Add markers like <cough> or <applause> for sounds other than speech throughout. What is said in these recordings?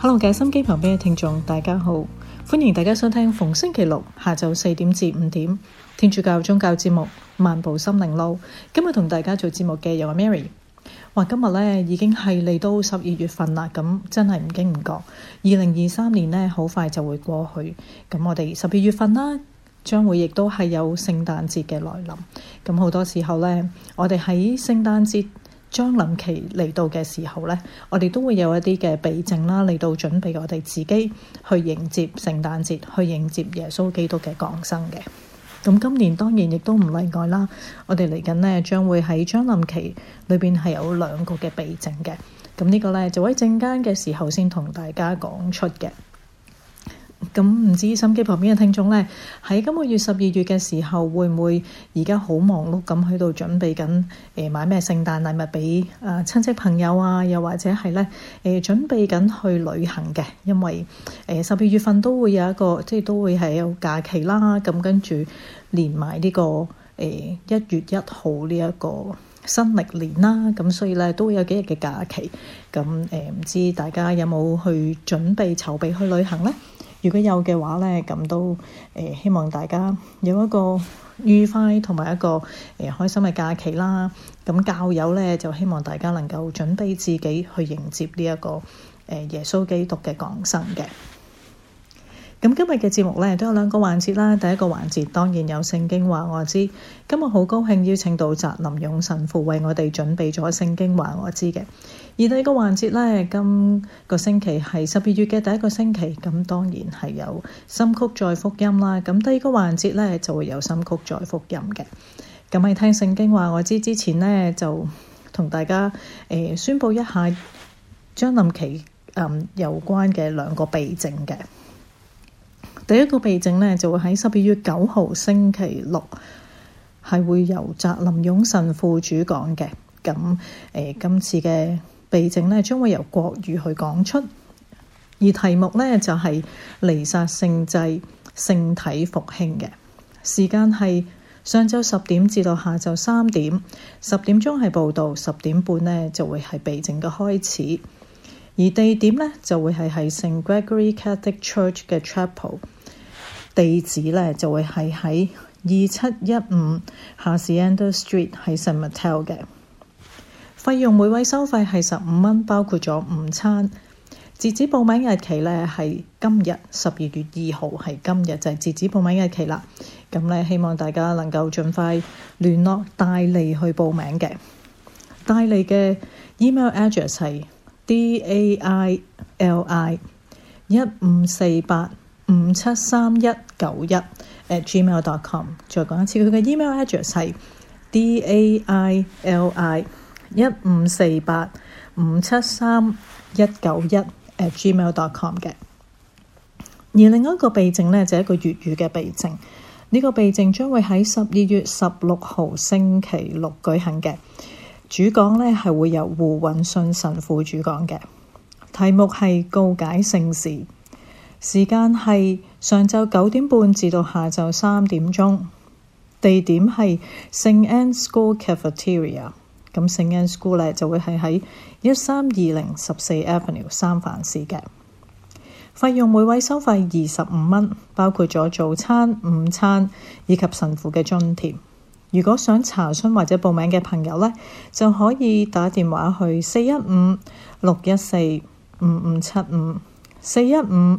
hello，嘅心機旁邊嘅聽眾大家好，歡迎大家收聽逢星期六下晝四點至五點天主教宗教節目《漫步心靈路》。今日同大家做節目嘅有阿 Mary。哇今日咧已經係嚟到十二月份啦，咁真係唔經唔覺，二零二三年咧好快就會過去。咁我哋十二月份啦，將會亦都係有聖誕節嘅來臨。咁好多時候咧，我哋喺聖誕節。張臨期嚟到嘅時候咧，我哋都會有一啲嘅備證啦，嚟到準備我哋自己去迎接聖誕節，去迎接耶穌基督嘅降生嘅。咁今年當然亦都唔例外啦，我哋嚟緊咧將會喺張臨期裏邊係有兩個嘅備證嘅。咁呢個咧就喺陣間嘅時候先同大家講出嘅。咁唔知收音機旁邊嘅聽眾呢，喺今個月十二月嘅時候，會唔會而家好忙碌咁喺度準備緊？誒買咩聖誕禮物畀誒親戚朋友啊？又或者係呢，誒準備緊去旅行嘅？因為誒十二月份都會有一個即係都會係有假期啦。咁跟住連埋呢個誒一月一號呢一個新歷年啦。咁所以呢，都會有幾日嘅假期。咁誒唔知大家有冇去準備籌備去旅行呢？如果有嘅話咧，咁都誒希望大家有一個愉快同埋一個誒開心嘅假期啦。咁教友咧，就希望大家能夠準備自己去迎接呢一個誒耶穌基督嘅降生嘅。咁今日嘅節目咧都有兩個環節啦。第一個環節當然有聖《聖經話我知》，今日好高興邀請到澤林勇神父為我哋準備咗《聖經話我知》嘅。而第二個環節咧，今個星期係十二月嘅第一個星期，咁當然係有心曲載福音啦。咁第二個環節咧就會有心曲載福音嘅。咁喺聽《聖經話我知》之前咧，就同大家誒、呃、宣佈一下張林琪、呃、有關嘅兩個弊症嘅。第一個避靜呢，就會喺十二月九號星期六係會由澤林勇神父主講嘅。咁誒、呃，今次嘅避靜呢，將會由國語去講出，而題目呢，就係彌撒聖祭聖體復興嘅時間係上晝十點至到下晝三點，十點鐘係報道，十點半呢，就會係避靜嘅開始，而地點呢，就會係喺聖 Gregory Catholic Church 嘅 Chapel。地址咧就會係喺二七一五 Hacienda Street 喺聖物塔嘅費用每位收費係十五蚊，包括咗午餐。截止報名日期咧係今日十二月二號，係今日就係截止報名日期啦。咁咧希望大家能夠儘快聯絡大利去報名嘅大利嘅 email address 係 d a i l i 一五四八。五七三一九一 at gmail dot com，再講一次佢嘅 email address 係 d a i l i 一五四八五七三一九一 at gmail dot com 嘅。而另一個避靜呢，就係、是、一個粵語嘅避靜。呢、這個避靜將會喺十二月十六號星期六舉行嘅。主講呢，係會由胡雲信神父主講嘅，題目係告解聖事。時間係上晝九點半至到下晝三點鐘，地點係聖安 school cafeteria。咁聖安 school 咧，就會係喺一三二零十四 avenue 三藩市嘅。費用每位收費二十五蚊，包括咗早餐、午餐以及神父嘅津貼。如果想查詢或者報名嘅朋友咧，就可以打電話去四一五六一四五五七五四一五、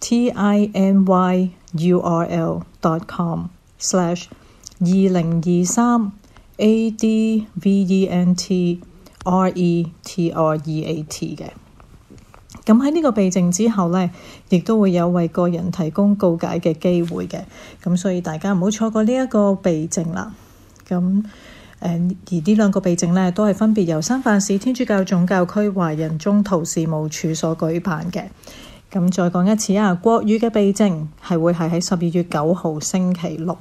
tinyurl.com/ 二零二三 adventretreat 嘅，咁喺呢個避靜之後呢，亦都會有為個人提供告解嘅機會嘅，咁所以大家唔好錯過呢一個避靜啦。咁誒，而呢兩個避靜呢，都係分別由三藩市天主教總教區華人宗徒事務處所舉辦嘅。咁再講一次啊，國語嘅避靜係會係喺十二月九號星期六，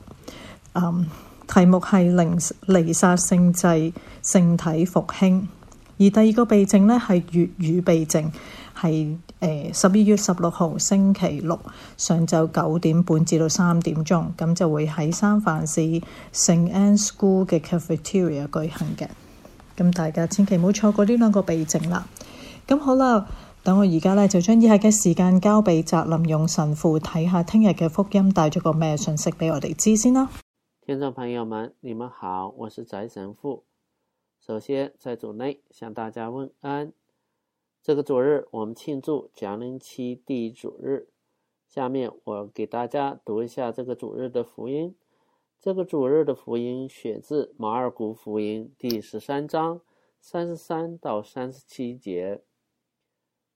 嗯，題目係尼尼撒聖祭，聖體復興。而第二個避靜呢，係粵語避靜，係誒十二月十六號星期六上晝九點半至到三點鐘，咁就會喺三藩市聖安 School 嘅 cafeteria 舉行嘅。咁大家千祈唔好錯過呢兩個避靜啦。咁好啦。等我而家咧，就將以下嘅時間交俾澤林用神父睇下，聽日嘅福音帶咗個咩信息俾我哋知先啦。聽眾朋友們，你們好，我是宅神父。首先在主內向大家問安。這個主日我們慶祝降臨期第一主日，下面我給大家讀一下這個主日的福音。這個主日的福音選自馬爾谷福音第十三章三十三到三十七節。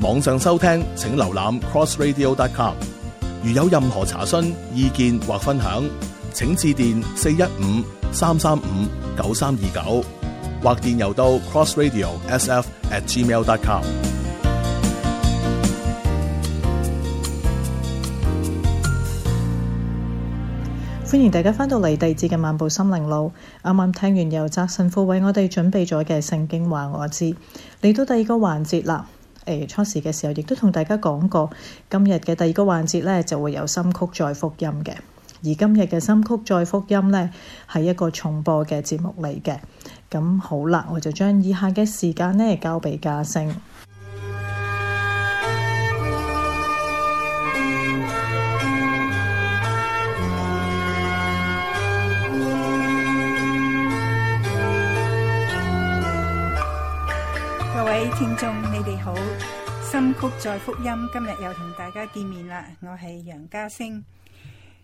網上收聽，請瀏覽 crossradio.com。如有任何查詢、意見或分享，請致電四一五三三五九三二九，或電郵到 crossradio.sf@gmail.com。com 歡迎大家翻到嚟地址嘅漫步心靈路。啱啱聽完由澤神父為我哋準備咗嘅聖經話，我知嚟到第二個環節啦。初時嘅時候，亦都同大家講過，今日嘅第二個環節呢就會有心曲載福音嘅。而今日嘅心曲載福音呢，係一個重播嘅節目嚟嘅。咁好啦，我就將以下嘅時間呢交俾嘉升。各位聽眾。心曲載福音今日又同大家見面啦，我係楊家星。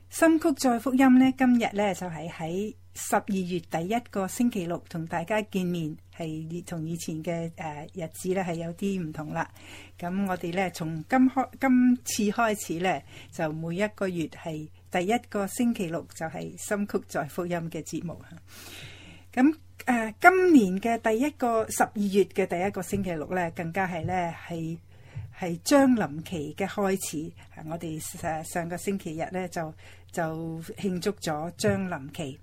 心曲載福音，載福音呢，今日呢就係喺十二月第一個星期六同大家見面，係同以前嘅誒、呃、日子呢係有啲唔同啦。咁我哋呢，從今開今次開始呢，就每一個月係第一個星期六就係、是、心曲載福音嘅節目。咁誒、呃，今年嘅第一個十二月嘅第一個星期六呢，更加係呢係。係將臨期嘅開始，我哋上個星期日咧就就慶祝咗將臨期。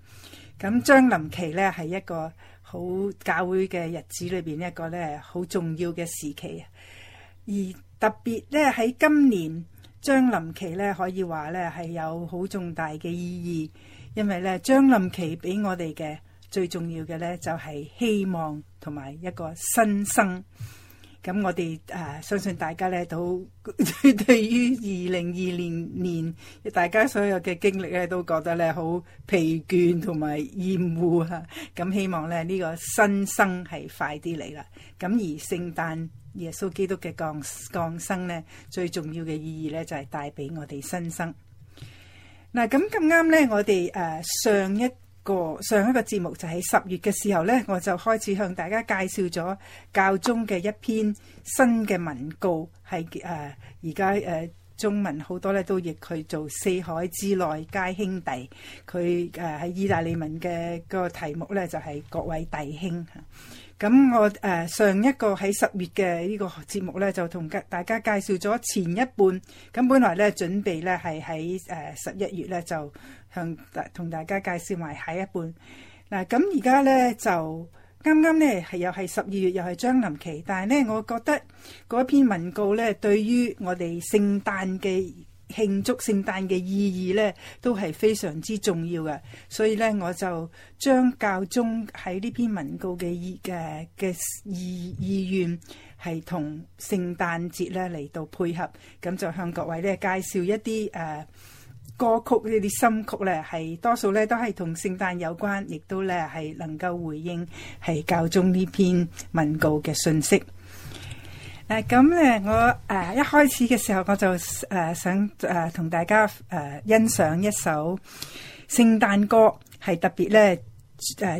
咁將臨期咧係一個好教會嘅日子裏邊一個咧好重要嘅時期。而特別咧喺今年將臨期咧可以話咧係有好重大嘅意義，因為咧將臨期俾我哋嘅最重要嘅咧就係希望同埋一個新生。咁我哋誒、啊、相信大家咧都對於二零二零年大家所有嘅經歷咧都覺得咧好疲倦同埋厭惡啊！咁、啊、希望咧呢、呢個新生係快啲嚟啦！咁、啊、而聖誕耶穌基督嘅降降生咧，最重要嘅意義咧就係帶俾我哋新生。嗱、啊，咁咁啱咧，我哋誒、啊、上一個上一個節目就喺十月嘅時候呢，我就開始向大家介紹咗教宗嘅一篇新嘅文告，係誒而家誒中文好多咧都譯佢做四海之內皆兄弟。佢誒喺意大利文嘅個題目呢，就係、是、各位弟兄。咁我誒、呃、上一個喺十月嘅呢個節目呢，就同大家介紹咗前一半。咁本來呢，準備呢係喺誒十一月呢就。向大同大家介紹埋下一半嗱，咁而家呢，就啱啱呢，係又係十二月，又係將臨期，但係呢，我覺得嗰篇文告呢，對於我哋聖誕嘅慶祝、聖誕嘅意義呢，都係非常之重要嘅。所以呢，我就將教宗喺呢篇文告嘅意嘅嘅意意願係同聖誕節呢嚟到配合，咁就向各位呢介紹一啲誒。啊歌曲呢啲心曲呢，係多數呢都係同聖誕有關，亦都呢係能夠回應係教宗呢篇文告嘅信息。誒，咁呢我誒一開始嘅時候，我就誒想誒同大家誒欣賞一首聖誕歌，係特別呢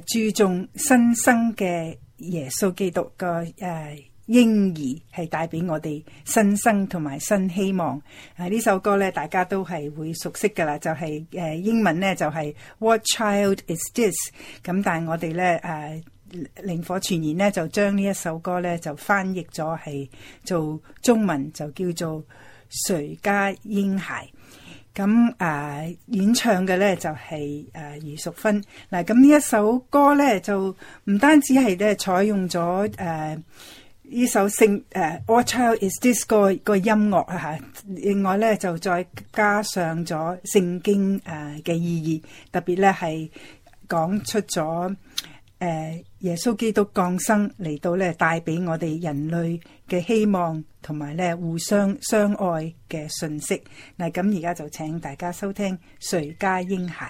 誒注重新生嘅耶穌基督個誒。嬰兒係帶俾我哋新生同埋新希望啊！呢首歌咧，大家都係會熟悉噶啦，就係、是、誒、啊、英文呢，就係、是、What child is this？咁但係我哋咧誒靈火傳言呢，就將呢一首歌咧就翻譯咗係做中文，就叫做誰家嬰孩。咁誒、啊、演唱嘅咧就係、是、誒、啊、余淑芬嗱。咁呢一首歌咧就唔單止係咧採用咗誒。啊呢首聖誒 What Child Is This 個個音樂啊，另外咧就再加上咗聖經誒嘅意義，特別咧係講出咗誒耶穌基督降生嚟到咧，帶俾我哋人類嘅希望，同埋咧互相相愛嘅信息。嗱咁而家就請大家收聽誰家嬰孩。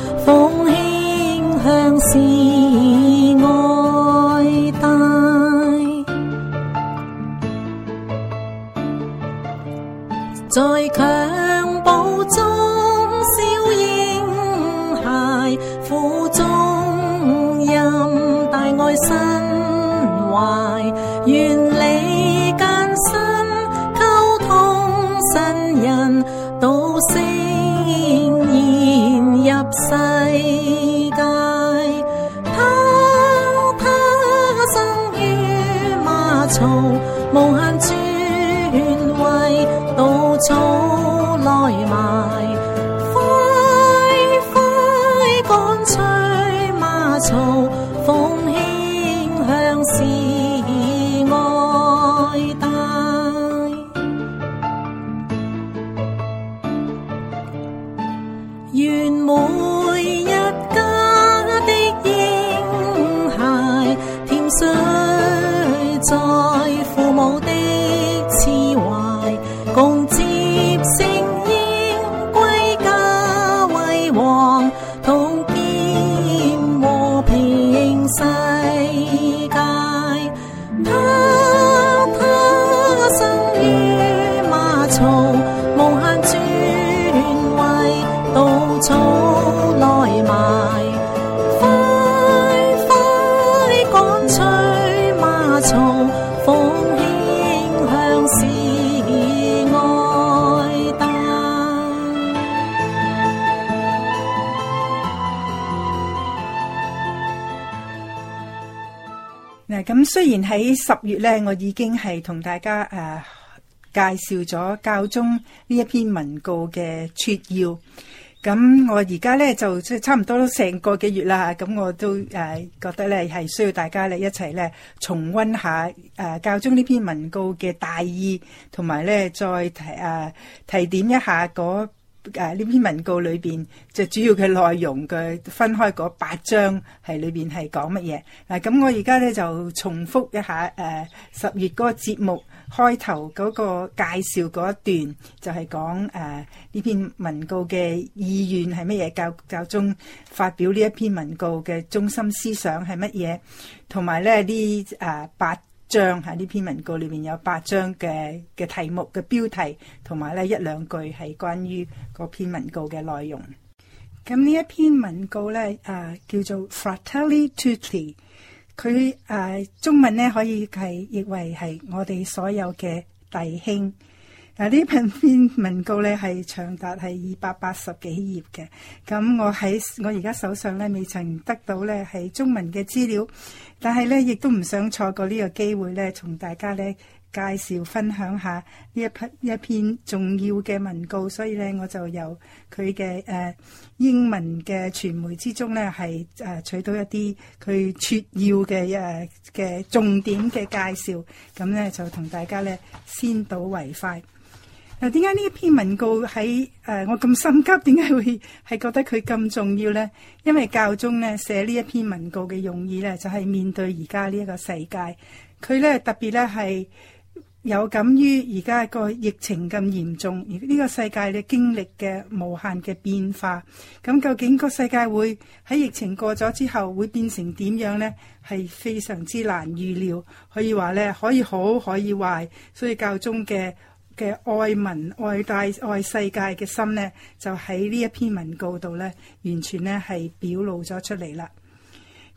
雖然喺十月咧，我已經係同大家誒、啊、介紹咗教宗呢一篇文告嘅撮要。咁我而家咧就差唔多都成個幾月啦，咁我都誒、啊、覺得咧係需要大家咧一齊咧重溫下誒、啊、教宗呢篇文告嘅大意，同埋咧再提誒、啊、提點一下嗰。誒，呢、啊、篇文告裏邊最主要嘅內容佢分開嗰八章係裏邊係講乜嘢嗱？咁、啊、我而家咧就重複一下誒，十、啊、月嗰個節目開頭嗰個介紹嗰一段，就係講誒呢篇文告嘅意願係乜嘢？教教宗發表呢一篇文告嘅中心思想係乜嘢？同埋咧呢誒八章喺呢篇文告裏面有八章嘅嘅題目嘅標題，同埋咧一兩句係關於嗰篇文告嘅內容。咁呢一篇文告咧，誒、啊、叫做 ti, 它《Fratelli、啊、Tutti》，佢誒中文咧可以係譯為係我哋所有嘅弟兄。嗱，呢篇文告咧係長達係二百八十幾頁嘅，咁我喺我而家手上咧未曾得到咧係中文嘅資料，但係咧亦都唔想錯過呢個機會咧，同大家咧介紹分享下呢一篇一篇重要嘅文告，所以咧我就由佢嘅誒英文嘅傳媒之中咧係、呃、取到一啲佢撮要嘅誒嘅重點嘅介紹，咁咧就同大家咧先睹為快。嗱，點解呢一篇文告喺誒我咁心急？點解會係覺得佢咁重要呢？因為教宗咧寫呢一篇文告嘅用意咧，就係面對而家呢一個世界，佢咧特別咧係有感於而家個疫情咁嚴重，而呢個世界嘅經歷嘅無限嘅變化，咁究竟個世界會喺疫情過咗之後會變成點樣呢？係非常之難預料，可以話咧可以好可以壞，所以教宗嘅嘅愛民、愛大、愛世界嘅心咧，就喺呢一篇文告度咧，完全咧係表露咗出嚟啦。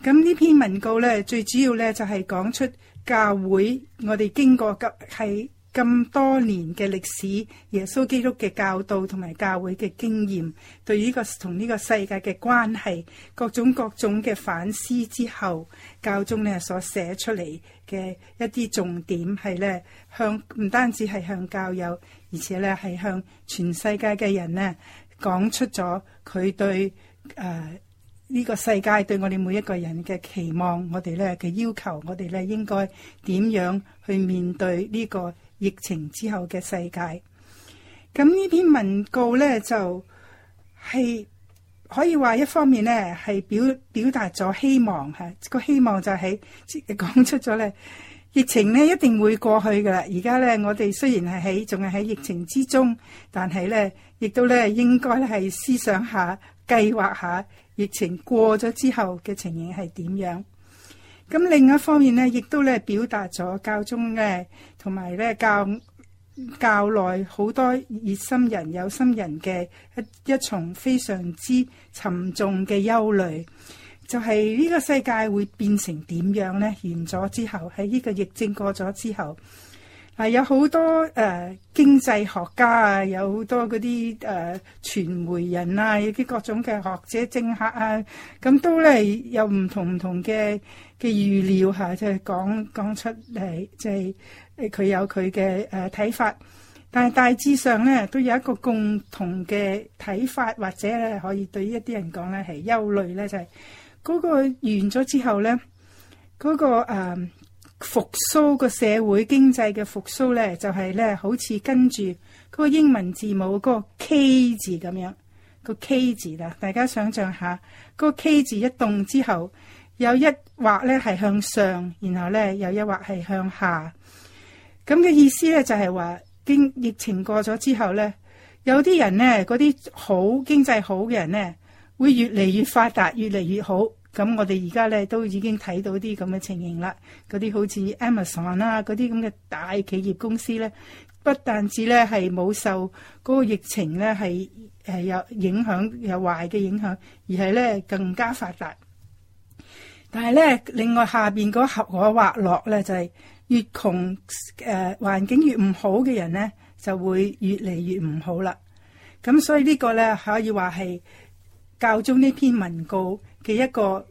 咁呢篇文告咧，最主要咧就係講出教會我哋經過急喺。咁多年嘅歷史，耶穌基督嘅教導同埋教會嘅經驗，對呢個同呢個世界嘅關係，各種各種嘅反思之後，教宗呢所寫出嚟嘅一啲重點係呢，向唔單止係向教友，而且呢係向全世界嘅人呢講出咗佢對誒呢個世界對我哋每一個人嘅期望，我哋呢嘅要求，我哋呢應該點樣去面對呢個疫情之後嘅世界，咁呢篇文告呢，就係可以話，一方面呢係表表達咗希望吓，個希望就係、是、講出咗呢：「疫情呢一定會過去噶啦。而家呢，我哋雖然係喺仲係喺疫情之中，但係呢亦都呢應該係思想下、計劃下，疫情過咗之後嘅情形係點樣？咁另一方面呢，亦都咧表達咗教宗呢，同埋咧教教內好多熱心人、有心人嘅一一重非常之沉重嘅憂慮，就係、是、呢個世界會變成點樣呢？完咗之後，喺呢個疫症過咗之後。係有好多誒經濟學家啊，有好多嗰啲誒傳媒人啊，有啲各種嘅學者、政客啊，咁都咧有唔同唔同嘅嘅預料嚇，就係講講出嚟，就係誒佢有佢嘅誒睇法。但係大致上咧，都有一個共同嘅睇法，或者咧可以對一啲人講咧係憂慮咧，就係嗰個完咗之後咧，嗰個誒。復蘇，個社會經濟嘅復蘇呢，就係呢，好似跟住嗰個英文字母嗰個 K 字咁樣個 K 字啦。大家想象下，嗰個 K 字一動之後，有一畫呢係向上，然後呢，有一畫係向下。咁嘅意思呢，就係話，經疫情過咗之後呢，有啲人呢，嗰啲好經濟好嘅人呢，會越嚟越發達，越嚟越好。咁我哋而家咧都已經睇到啲咁嘅情形啦。嗰啲好似 Amazon 啦、啊，嗰啲咁嘅大企業公司咧，不但止咧係冇受嗰個疫情咧係有影響有壞嘅影響，而係咧更加發達。但係咧，另外下面嗰個下滑落咧就係、是、越窮誒環境越唔好嘅人咧，就會越嚟越唔好啦。咁所以個呢個咧可以話係教宗呢篇文告。嘅一個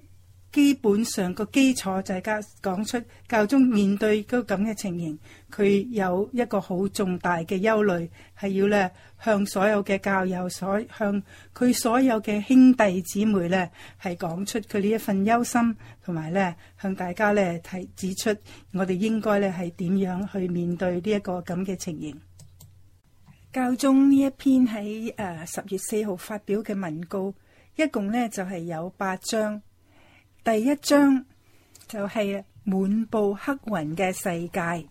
基本上個基礎，就係家講出教宗面對嗰個咁嘅情形，佢有一個好重大嘅憂慮，係要咧向所有嘅教友所向佢所有嘅兄弟姊妹咧，係講出佢呢一份憂心，同埋咧向大家咧提指出，我哋應該咧係點樣去面對呢一個咁嘅情形。教宗呢一篇喺誒十月四號發表嘅文告。一共咧就係有八章，第一章就係滿布黑雲嘅世界，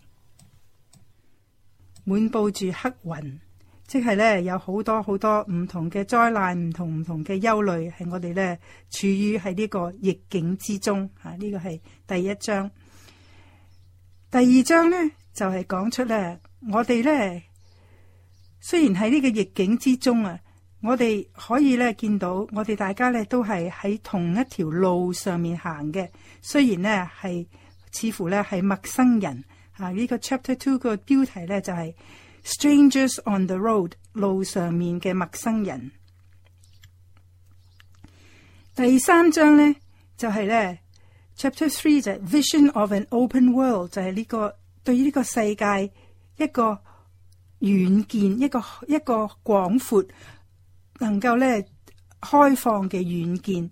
滿布住黑雲，即係咧有好多好多唔同嘅災難，唔同唔同嘅憂慮，係我哋咧處於喺呢個逆境之中。吓，呢個係第一章。第二章咧就係講出咧，我哋咧雖然喺呢個逆境之中啊。我哋可以咧見到，我哋大家咧都係喺同一條路上面行嘅。雖然咧係似乎咧係陌生人，嚇、這、呢個 Chapter Two 個標題咧就係 Strangers on the Road 路上面嘅陌生人。第三章咧就係咧 Chapter Three 就 Vision of an Open World 就係呢個對於呢個世界一個遠見一個一個廣闊。能夠咧開放嘅遠見，這個、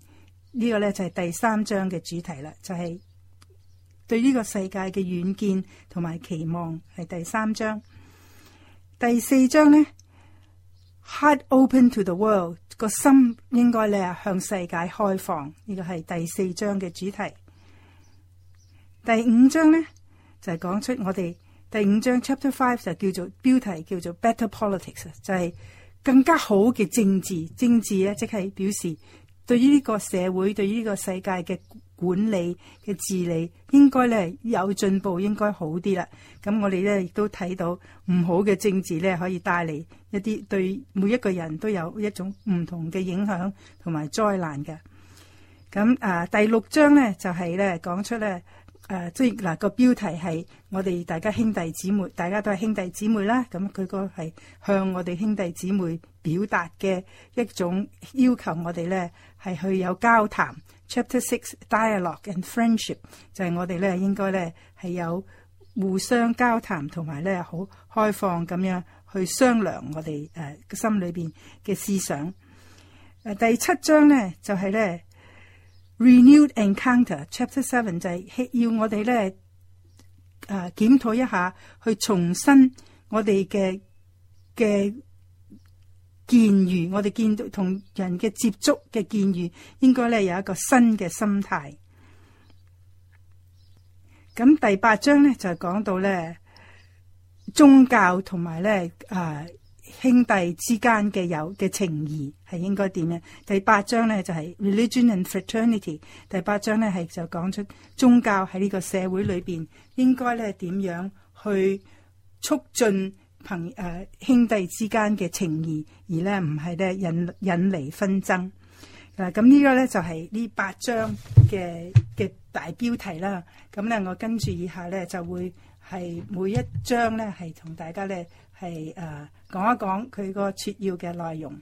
呢個咧就係、是、第三章嘅主題啦，就係、是、對呢個世界嘅遠見同埋期望係第三章。第四章咧，heart open to the world，個心應該咧向世界開放，呢、這個係第四章嘅主題。第五章咧就係、是、講出我哋第五章 chapter five 就叫做標題叫做 better politics，就係、是。更加好嘅政治，政治咧即係表示，對於呢個社會、對於呢個世界嘅管理嘅治理，應該咧有進步，應該好啲啦。咁我哋咧亦都睇到唔好嘅政治咧，可以帶嚟一啲對每一個人都有一種唔同嘅影響同埋災難嘅。咁啊，第六章咧就係咧講出咧。誒，即係嗱個標題係我哋大家兄弟姊妹，大家都係兄弟姊妹啦。咁、那、佢個係向我哋兄弟姊妹表達嘅一種要求，我們呢，我哋咧係去有交談。Chapter Six Dialogue and Friendship 就係我哋咧應該咧係有互相交談，同埋咧好開放咁樣去商量我哋誒、呃、心裏邊嘅思想。誒、啊、第七章咧就係、是、咧。Renewed Encounter Chapter Seven 就係要我哋咧，誒檢討一下，去重新我哋嘅嘅建議，我哋見到同人嘅接觸嘅建議，應該咧有一個新嘅心態。咁第八章咧就係講到咧宗教同埋咧誒。兄弟之間嘅友嘅情義係應該點呢？第八章呢就係、是、Religion and Fraternity。第八章呢係就講出宗教喺呢個社會裏邊應該咧點樣去促進朋誒兄弟之間嘅情義，而呢唔係咧引引嚟紛爭。嗱咁呢個呢就係、是、呢八章嘅嘅大標題啦。咁、啊、呢我跟住以下呢就會係每一章呢係同大家呢係誒。講一講佢個撮要嘅內容。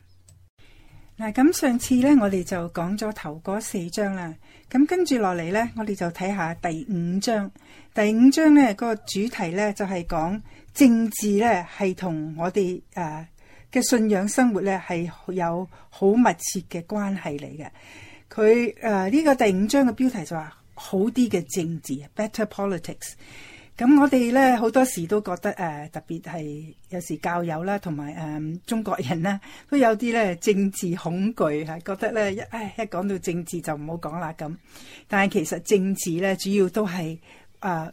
嗱，咁上次咧我哋就講咗頭嗰四章啦，咁跟住落嚟咧，我哋就睇下第五章。第五章咧、那個主題咧就係、是、講政治咧係同我哋誒嘅信仰生活咧係有好密切嘅關係嚟嘅。佢誒呢個第五章嘅標題就話好啲嘅政治 （better politics）。咁我哋咧好多時都覺得，呃、特別係有時教友啦，同埋、呃、中國人啦，都有啲咧政治恐懼嚇，覺得咧、哎、一一講到政治就唔好講啦咁。但係其實政治咧主要都係誒、呃、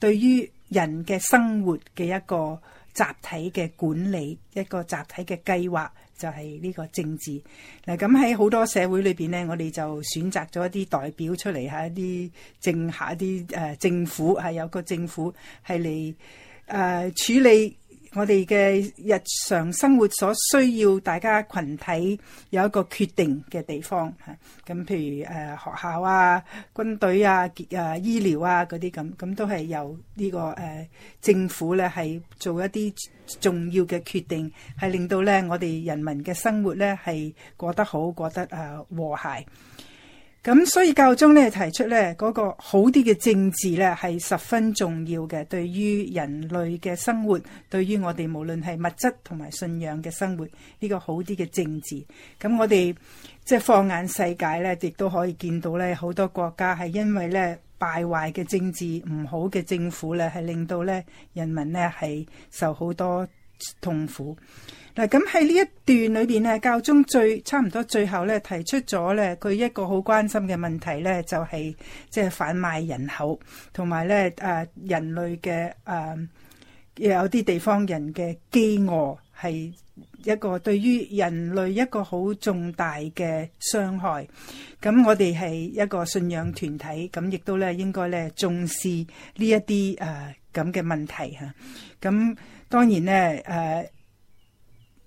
對於人嘅生活嘅一個集體嘅管理，一個集體嘅計劃。就係呢個政治嗱，咁喺好多社會裏邊咧，我哋就選擇咗一啲代表出嚟，下一啲政，下一啲誒、啊、政府，係、啊、有個政府係嚟誒處理。我哋嘅日常生活所需要，大家群體有一個決定嘅地方嚇。咁譬如誒學校啊、軍隊啊、醫療啊嗰啲咁，咁都係由呢、這個、啊、政府咧係做一啲重要嘅決定，係令到咧我哋人民嘅生活咧係過得好，過得誒和諧。咁所以教宗咧提出咧嗰個好啲嘅政治咧係十分重要嘅。對於人類嘅生活，對於我哋無論係物質同埋信仰嘅生活呢個好啲嘅政治。咁我哋即係放眼世界咧，亦都可以見到咧，好多國家係因為咧敗壞嘅政治、唔好嘅政府咧，係令到咧人民咧係受好多痛苦。嗱，咁喺呢一段裏邊咧，教宗最差唔多最後咧，提出咗咧佢一個好關心嘅問題咧，就係即係販賣人口，同埋咧誒人類嘅誒有啲地方人嘅飢餓係一個對於人類一個好重大嘅傷害。咁我哋係一個信仰團體，咁亦都咧應該咧重視呢一啲誒咁嘅問題嚇。咁當然咧誒。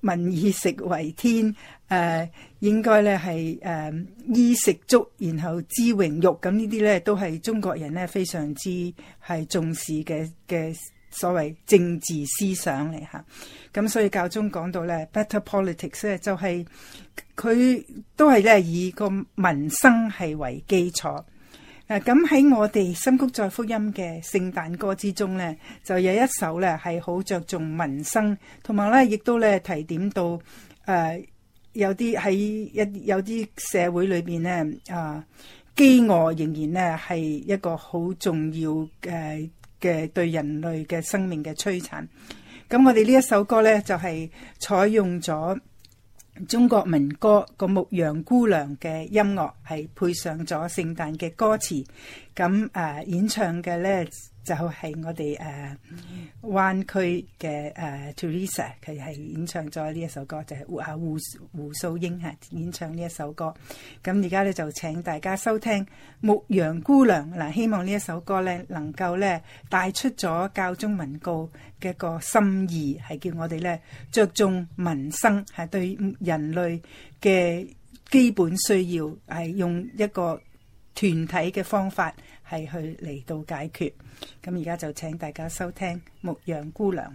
民以食為天，誒、呃、應該咧係誒衣食足，然後知榮辱。咁呢啲咧都係中國人咧非常之係重視嘅嘅所謂政治思想嚟下咁，所以教宗講到咧 <noise> ，better politics 咧就係、是、佢都係咧以個民生係為基礎。嗱，咁喺我哋《深谷在福音》嘅聖誕歌之中咧，就有一首咧係好着重民生，同埋咧亦都咧提點到，誒、呃、有啲喺一有啲社會裏邊咧，啊、呃、飢餓仍然咧係一個好重要嘅嘅對人類嘅生命嘅摧殘，咁我哋呢一首歌咧就係、是、採用咗。中國民歌《個牧羊姑娘》嘅音樂係配上咗聖誕嘅歌詞，咁誒演唱嘅。咧。就係我哋誒灣區嘅誒 Teresa，佢係演唱咗呢一首歌，就係、是、胡胡胡素英係演唱呢一首歌。咁而家咧就請大家收聽《牧羊姑娘》嗱，希望呢一首歌咧能夠咧帶出咗教宗文告嘅個心意，係叫我哋咧着重民生，係對人類嘅基本需要，係用一個團體嘅方法係去嚟到解決。咁而家就請大家收聽《牧羊姑娘》。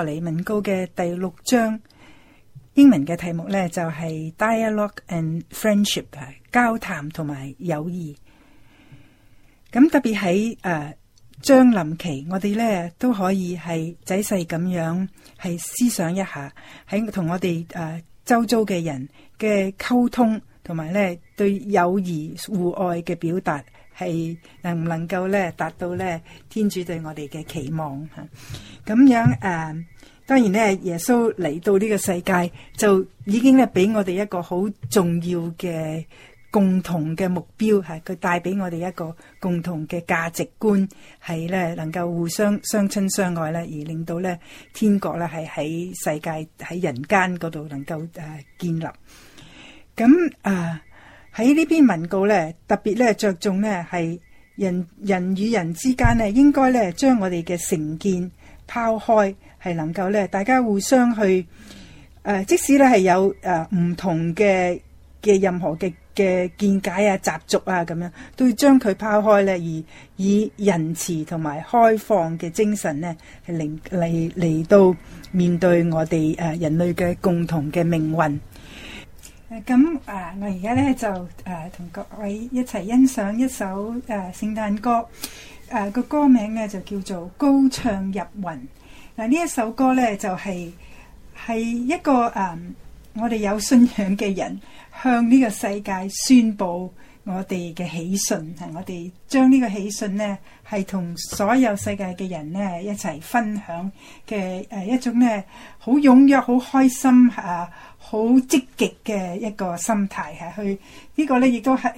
《李敏高》嘅第六章，英文嘅題目呢，就係、是《Dialogue and Friendship》嘅交談同埋友誼。咁特別喺誒、呃、將臨期，我哋呢都可以係仔細咁樣係思想一下，喺同我哋誒、呃、周遭嘅人嘅溝通，同埋呢對友誼互愛嘅表達。係能唔能夠咧達到咧天主對我哋嘅期望吓，咁樣誒，當然咧耶穌嚟到呢個世界就已經咧俾我哋一個好重要嘅共同嘅目標，係佢帶俾我哋一個共同嘅價值觀，係咧能夠互相相親相愛咧，而令到咧天國咧係喺世界喺人間嗰度能夠誒建立，咁誒。喺呢篇文告咧，特別咧著重咧係人人與人之間咧，應該咧將我哋嘅成見拋開，係能夠咧大家互相去誒、呃，即使咧係有誒唔、呃、同嘅嘅任何嘅嘅見解啊、習俗啊咁樣，都要將佢拋開咧，而以仁慈同埋開放嘅精神咧，係嚟嚟到面對我哋誒人類嘅共同嘅命運。咁啊！我而家咧就誒同、呃、各位一齊欣賞一首誒聖、呃、誕歌，誒、呃、個歌名咧就叫做高唱入雲。嗱，呢、呃、一首歌咧就係、是、係一個誒、呃、我哋有信仰嘅人向呢個世界宣布我哋嘅喜訊，係我哋將呢個喜訊咧係同所有世界嘅人咧一齊分享嘅誒、呃、一種咧好踴躍、好開心啊！好積極嘅一個心態係去呢個咧，亦都係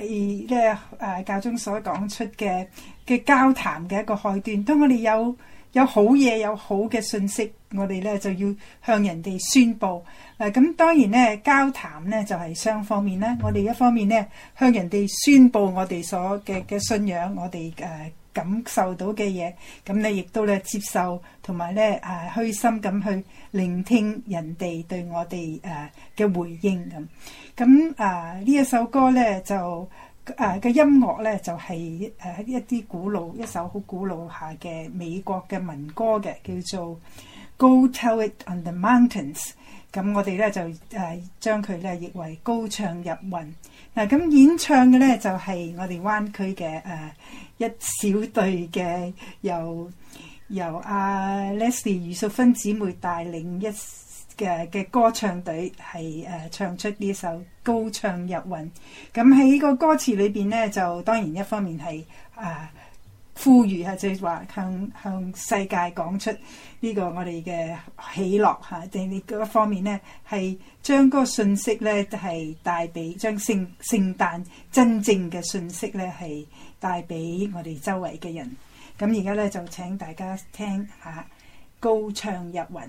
咧誒教宗所講出嘅嘅交談嘅一個開端。當我哋有有好嘢、有好嘅信息，我哋咧就要向人哋宣佈嗱。咁當然咧，交談咧就係雙方面啦。我哋一方面咧向人哋宣佈我哋所嘅嘅信仰，我哋誒。感受到嘅嘢，咁你亦都咧接受，同埋咧啊，虛心咁去聆聽人哋對我哋誒嘅回應咁。咁啊呢一首歌咧就誒嘅音樂咧就係誒一啲古老一首好古老下嘅美國嘅民歌嘅，叫做 Go Tell It On The Mountains。咁我哋咧就誒將佢咧譯為高唱入雲。嗱咁演唱嘅咧就係我哋灣區嘅誒。一小隊嘅由由阿、啊、Leslie 余淑芬姊妹帶領一嘅嘅歌唱隊係誒、啊、唱出呢首高唱入雲，咁喺呢個歌詞裏邊咧就當然一方面係啊。呼籲啊，即係話向向世界講出呢個我哋嘅喜樂嚇，定你嗰一方面咧，係將嗰個信息咧，即係帶俾將聖聖誕真正嘅信息咧，係帶俾我哋周圍嘅人。咁而家咧就請大家聽下高唱入雲。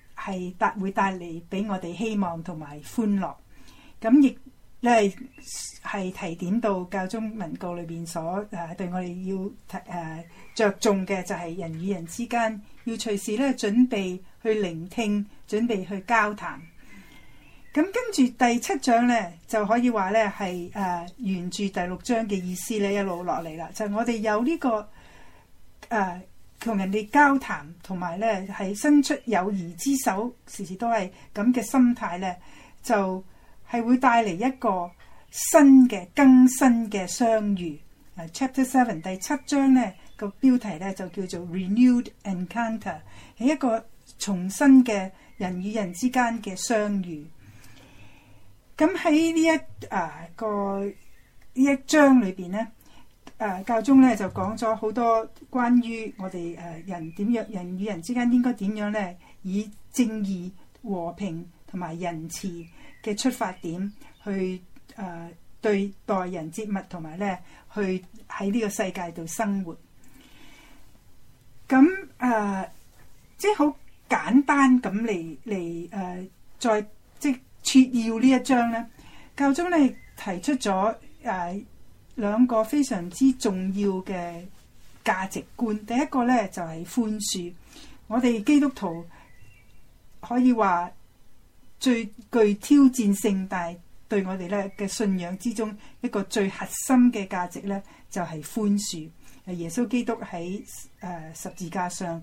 係帶會帶嚟俾我哋希望同埋歡樂，咁亦你係係提點到教宗文告裏邊所誒對我哋要誒着重嘅就係人與人之間要隨時咧準備去聆聽，準備去交談。咁跟住第七章咧就可以話咧係誒沿住第六章嘅意思咧一路落嚟啦，就係、我哋有呢、呢個誒。呃同人哋交談，同埋咧係伸出友誼之手，時時都係咁嘅心態咧，就係會帶嚟一個新嘅、更新嘅相遇。啊，Chapter Seven 第七章咧個標題咧就叫做 Renewed Encounter，係一個重新嘅人與人之間嘅相遇。咁喺呢一啊個呢一章裏邊咧。誒教宗咧就講咗好多關於我哋誒人點樣人與人之間應該點樣咧，以正義、和平同埋仁慈嘅出發點去誒、呃、對待人接物，同埋咧去喺呢個世界度生活。咁誒、呃，即係好簡單咁嚟嚟誒，再即係摘要呢一章咧，教宗咧提出咗誒。呃兩個非常之重要嘅價值觀，第一個呢，就係寬恕。我哋基督徒可以話最具挑戰性，但係對我哋呢嘅信仰之中一個最核心嘅價值呢，就係寬恕。耶穌基督喺誒十字架上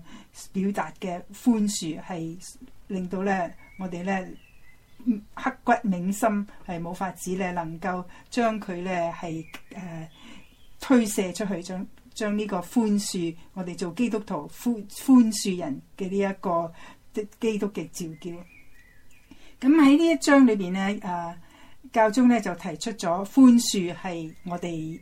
表達嘅寬恕，係令到呢我哋呢。刻骨銘心，係冇法子咧，能夠將佢咧係誒推卸出去，將將呢個寬恕我哋做基督徒寬寬恕人嘅呢一個基督嘅召叫。咁喺呢一章裏邊咧，誒教宗咧就提出咗寬恕係我哋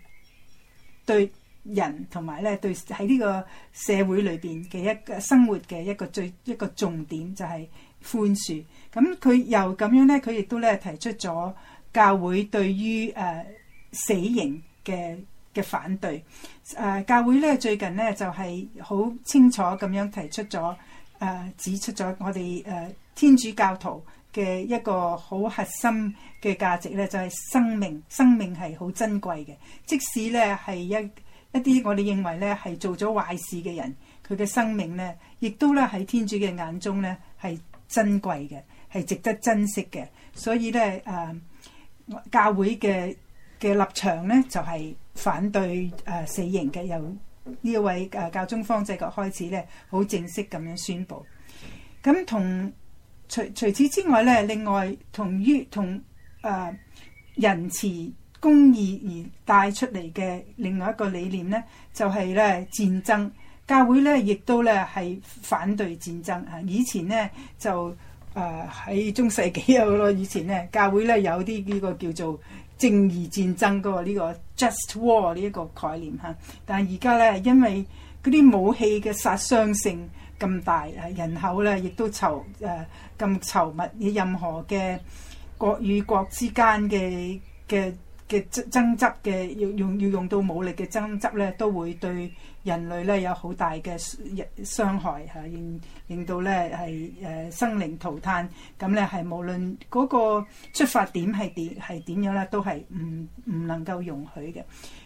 對人同埋咧對喺呢個社會裏邊嘅一個生活嘅一個最一個重點，就是，就係。寬恕，咁佢又咁樣咧，佢亦都咧提出咗教會對於誒死刑嘅嘅反對。誒教會咧最近咧就係好清楚咁樣提出咗誒，指出咗我哋誒天主教徒嘅一個好核心嘅價值咧，就係生命，生命係好珍貴嘅。即使咧係一一啲我哋認為咧係做咗壞事嘅人，佢嘅生命咧亦都咧喺天主嘅眼中咧係。珍貴嘅，係值得珍惜嘅，所以咧誒、呃，教會嘅嘅立場咧就係、是、反對誒、呃、死刑嘅。由呢一位誒、呃、教宗方濟各開始咧，好正式咁樣宣布。咁同除除此之外咧，另外同於同誒、呃、仁慈公義而帶出嚟嘅另外一個理念咧，就係、是、咧戰爭。教會咧，亦都咧係反對戰爭嚇。以前咧就誒喺、呃、中世紀有咯。以前咧教會咧有啲呢個叫做正義戰爭嗰個呢個 just war 呢一個概念嚇。但係而家咧，因為嗰啲武器嘅殺傷性咁大，人口咧亦都稠誒咁稠密嘅，任何嘅國與國之間嘅嘅嘅爭爭執嘅，用用要用到武力嘅爭執咧，都會對人類咧有好大嘅傷害嚇，令令到咧係誒生靈塗炭。咁咧係無論嗰個出發點係點係點樣咧，都係唔唔能夠容許嘅。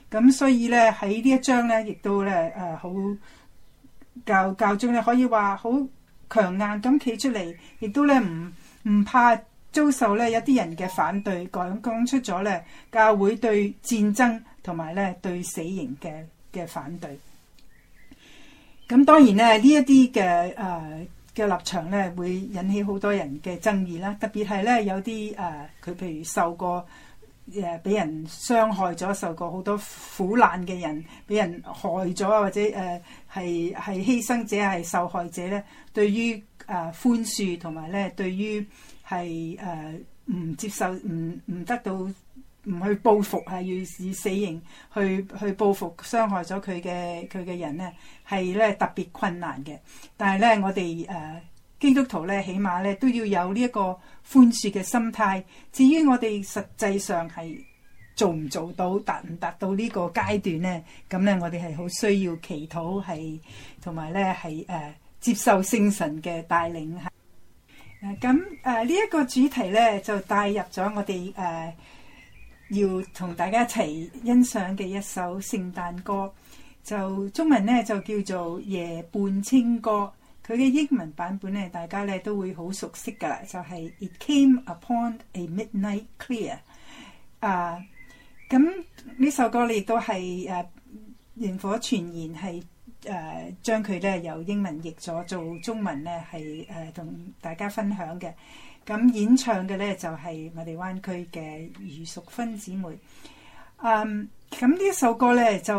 咁所以咧喺呢一章咧，亦都咧誒好教教宗咧，可以話好強硬咁企出嚟，亦都咧唔唔怕遭受咧有啲人嘅反對，講講出咗咧教會對戰爭同埋咧對死刑嘅嘅反對。咁當然咧，呢一啲嘅誒嘅立場咧，會引起好多人嘅爭議啦。特別係咧，有啲誒佢譬如受過誒俾、呃、人傷害咗，受過好多苦難嘅人，俾人害咗啊，或者誒係係犧牲者係受害者咧，對於誒、呃、寬恕同埋咧，對於係誒唔接受唔唔得到。唔去報復係要以死刑去去報復傷害咗佢嘅佢嘅人咧，係咧特別困難嘅。但係咧，我哋誒基督徒咧，起碼咧都要有呢一個寬恕嘅心態。至於我哋實際上係做唔做到達唔達到呢個階段呢，咁咧我哋係好需要祈禱係同埋咧係誒接受聖神嘅帶領嚇。咁誒呢一個主題呢，就帶入咗我哋誒。呃要同大家一齊欣賞嘅一首聖誕歌，就中文咧就叫做《夜半清歌》。佢嘅英文版本咧，大家咧都會好熟悉噶啦，就係《It Came Upon a Midnight Clear》。Uh。啊，咁呢首歌咧亦都係誒燃火傳言係誒將佢咧由英文譯咗做中文咧係誒同大家分享嘅。咁演唱嘅咧就係我哋灣區嘅余淑芬姊妹，嗯，咁呢一首歌咧就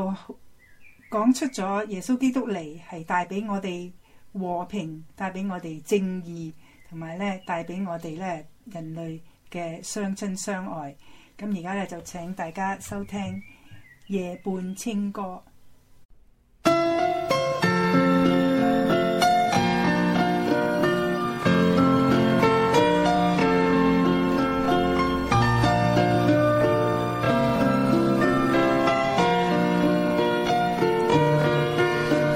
講出咗耶穌基督嚟係帶俾我哋和平，帶俾我哋正義，同埋咧帶俾我哋咧人類嘅相親相愛。咁而家咧就請大家收聽夜半清歌。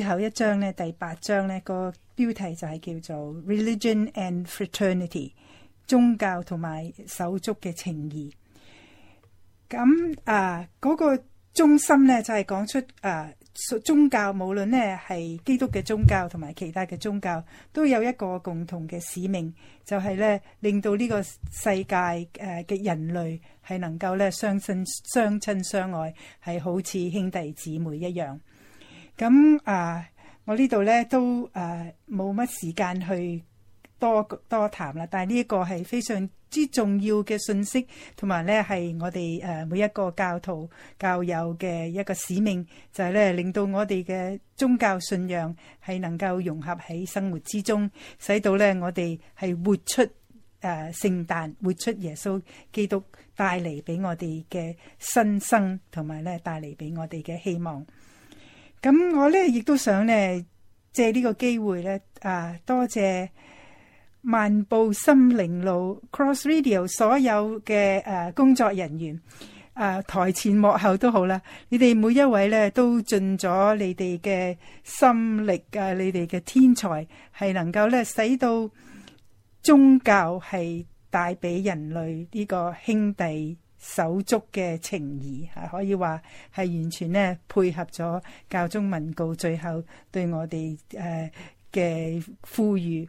最後一章咧，第八章咧，個標題就係叫做 Religion and Fraternity，宗教同埋手足嘅情義。咁啊，嗰、嗰個中心咧就係、是、講出啊宗教，無論咧係基督嘅宗教同埋其他嘅宗教，都有一個共同嘅使命，就係、是、咧令到呢個世界誒嘅人類係能夠咧相親相親相愛，係好似兄弟姊妹一樣。咁啊，我呢度咧都誒冇乜時間去多多談啦。但係呢一個係非常之重要嘅信息，同埋咧係我哋誒每一個教徒教友嘅一個使命，就係、是、咧令到我哋嘅宗教信仰係能夠融合喺生活之中，使到咧我哋係活出誒、啊、聖誕，活出耶穌基督帶嚟俾我哋嘅新生，同埋咧帶嚟俾我哋嘅希望。咁我咧亦都想咧借呢個機會咧啊，多謝漫步心靈路 Cross Radio 所有嘅誒工作人員，誒台前幕後都好啦，你哋每一位咧都盡咗你哋嘅心力啊，你哋嘅天才係能夠咧使到宗教係帶俾人類呢個兄弟手足嘅情義，係可以話係完全咧配合咗教宗文告最後對我哋誒嘅呼籲。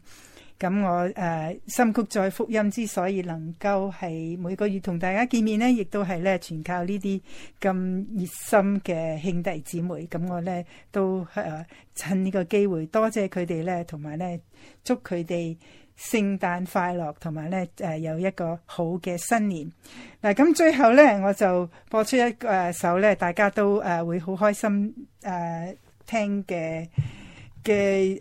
咁我誒心曲載福音之所以能夠係每個月同大家見面呢，亦都係咧全靠呢啲咁熱心嘅兄弟姊妹。咁我咧都誒趁呢個機會多謝佢哋咧，同埋咧祝佢哋，聖誕快樂，同埋咧有一個好嘅新年。嗱，咁最後咧，我就播出一首咧，大家都誒會好開心誒、呃、聽嘅嘅誒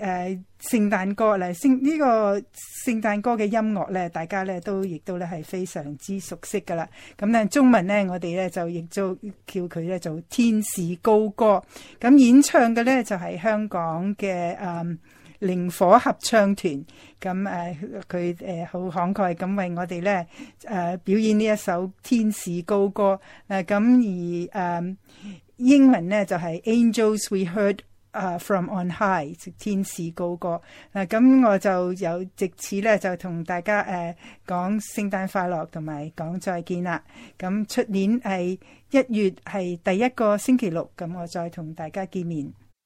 聖誕歌啦。呢、呢個聖誕歌嘅音樂咧，大家咧都亦都咧係非常之熟悉噶啦。咁咧中文咧，我哋咧就亦都叫佢咧做天使高歌。咁演唱嘅咧就係、是、香港嘅誒靈火合唱團咁誒，佢誒好慷慨咁為我哋咧誒表演呢一首天使高歌，咁、啊、而誒、啊、英文咧就係、是、Angels we heard 啊 from on high，天使高歌嗱，咁、啊、我就有藉此咧就同大家誒講聖誕快樂同埋講再見啦。咁、啊、出年係一月係第一個星期六，咁我再同大家見面。